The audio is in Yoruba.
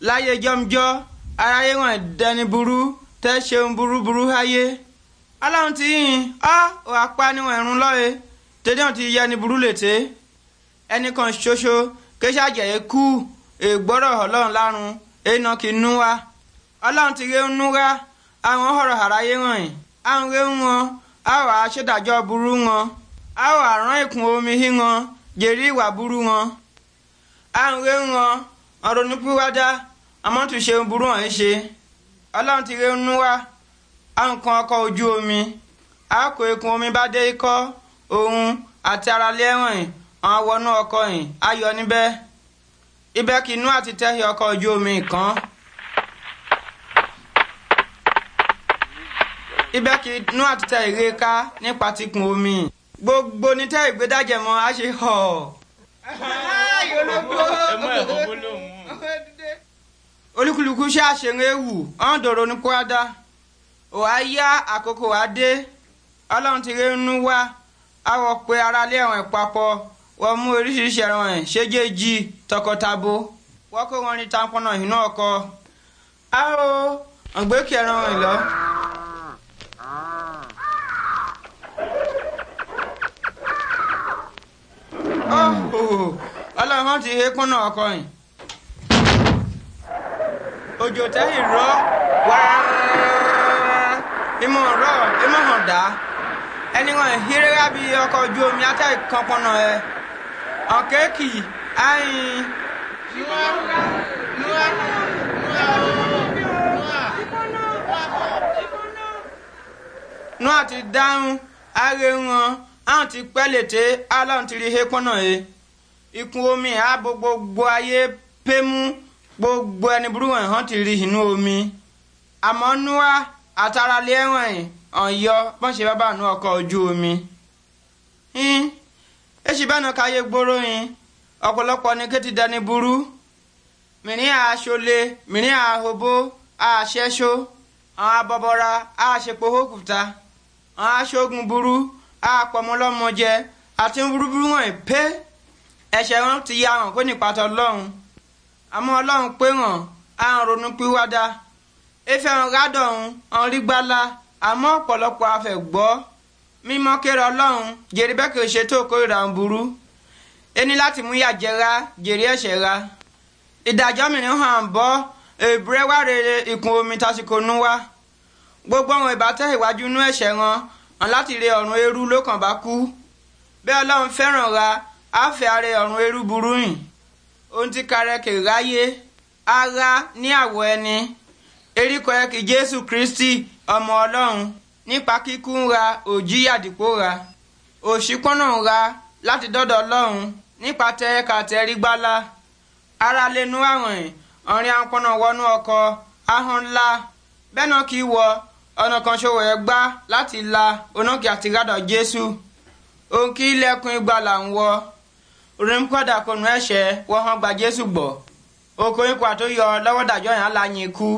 láyé jọmjọ́ aráyé wọn dẹni burú tẹ́ ṣeun burúburú háyé aláwọn ti yìn ọ́ ò apá níwọ̀n ẹ̀rún lọ́ọ̀ẹ́ tẹ́lẹ̀ ti yẹ ni burú lètè ẹnì kan ṣoṣo kéṣàjẹ̀yẹ kú ègbọ́rọ̀ ọlọ́run lárun ẹ̀nà kì í nú wa ọlọ́run ti rẹ́ ń nú wa àwọn ọ̀rọ̀ àráyé wọn yìí àwọn rẹ́ ń wọn àwọn aṣèdájọ́ burú wọn àwọn àrán ìkún omi hí wọn jèrè ìwà burú wọn àwọn rẹ́ ń wọn àrònúpìwádá àmọ́túnṣe burú hàn ṣe ọlọ́run ti rẹ nú wa à ń kan ọkọ̀ ojú omi a kó ikùn omi bá dé ikọ́ òun àti ara lẹ́rìn ìn àwọn wọnú ọkọ̀ yìí a yọ níbẹ̀ ibẹ̀ kì í àti tẹ́hìn ọkọ̀ ojú omi kan. ibẹ̀ kì í àti tẹ ìrè ká nípa tikùn omi gbogbo ní tẹ́ ìgbédàjẹ̀mọ́ a ṣe họ̀. ayọ̀ ló gbó. ẹ mú olùkúṣe àṣẹrẹ́wù ọ̀hún dòrò ní pọ́ádá ò á yá àkókò adé ọlọ́run ti rí nínú wá á wọ pé aráalé ẹ̀wọ̀n papọ̀ wọ́n mú oríṣiríṣi ẹ̀wọ̀n ẹ̀ ṣégéèjì tọkọtabo wọ́n kó wọn ní tamponà ìná ọkọ. a ó ọ̀gbẹ́kì ẹ̀ràn ìlọ. ọlọ́run ti rí kúnnà ọkọ yìí òjò tẹ́ ìrọ́ wàrà ìmọ̀ rọ̀ ìmọ̀ hàn dá ẹni wọn hírẹ́rà bí ọkọ̀ ojú omi ata ìkan pọnà ẹ ọ̀kẹ́kì ayin. nua ti dáhùn ààrẹ wọn àwọn ti pẹ́ lètè aláwọn ti rí hẹ́pọ̀nà ẹ ikùn omi ààbò gbogbo ayé pé mú gbogbo ẹni burú wọn hàn ti rí inú omi àmọ́ núwá àtàràlẹ ẹwọn ẹ hàn yọ bọ́n ṣe bábà nú ọkọ̀ ojú omi. èsì bá náà káyé gbóró yin ọ̀pọ̀lọpọ̀ ni kéti dání burú mìíràn àṣọlé mìíràn àhòbó àṣẹṣọ àwọn abọbọra àṣepọ̀ òkúta àwọn aṣogun burú àpọ̀mọlọ́mọjẹ àti burúburú wọn pé ẹ̀ṣẹ̀ wọn ti ya hàn kó nípa tọ́ lọ́hùn àmọ́ ọlọ́run pé hàn á ń ronú pìwàdà efe ń rádọ̀hún ń rí gbálá àmọ́ ọ̀pọ̀lọpọ̀ afẹ́gbọ́ mímọ́ kéré ọlọ́run jèrè bẹ́ẹ̀ kì í ṣe tó kórìíra ń burú ẹni láti mú yà jẹra jèrè ẹ̀ṣẹ̀ ra ìdájọ́ mìíràn hàn bọ́ èbúrẹ́ wá rere ìkún omi tásìkò nú wá gbogbo àwọn ìbátẹ́ ìwájú inú ẹ̀ṣẹ̀ wọn hàn láti re ọ̀run eérú ló kàn bá kú bẹ́ẹ̀ ọlọ́run fẹ́ràn ra àfẹ́ àrẹ ọ̀run eérú burú yìí ohun tí karẹkì ráyé ni ní àwọ̀ ẹni eríkọ ẹkì Jesu kristi ọmọ ọlọ́run nípa kíkún ra òjíyàdìpó ra òṣìkọ́nà ra láti dọ́dọ̀ ọlọ́run nípa tẹ́ẹ̀ka tẹ́rígbálá ara lẹnu àrùn ọ̀rìn akọ́nà wọnú ọkọ̀ ahọ́n ńlá bẹ́ẹ̀ náà wọ ọ̀nà kan ṣòwò ẹ̀ gbá láti la onákì àti rádọ̀ Jesu onki kì í lẹ́kùn wọ rimkọ́dà kò nù ẹ̀ṣẹ̀ wọ́n hàn gba jésù gbọ́ okòyìnkò àtúyọ lọ́wọ́dàjọ́ yẹn la yín kú.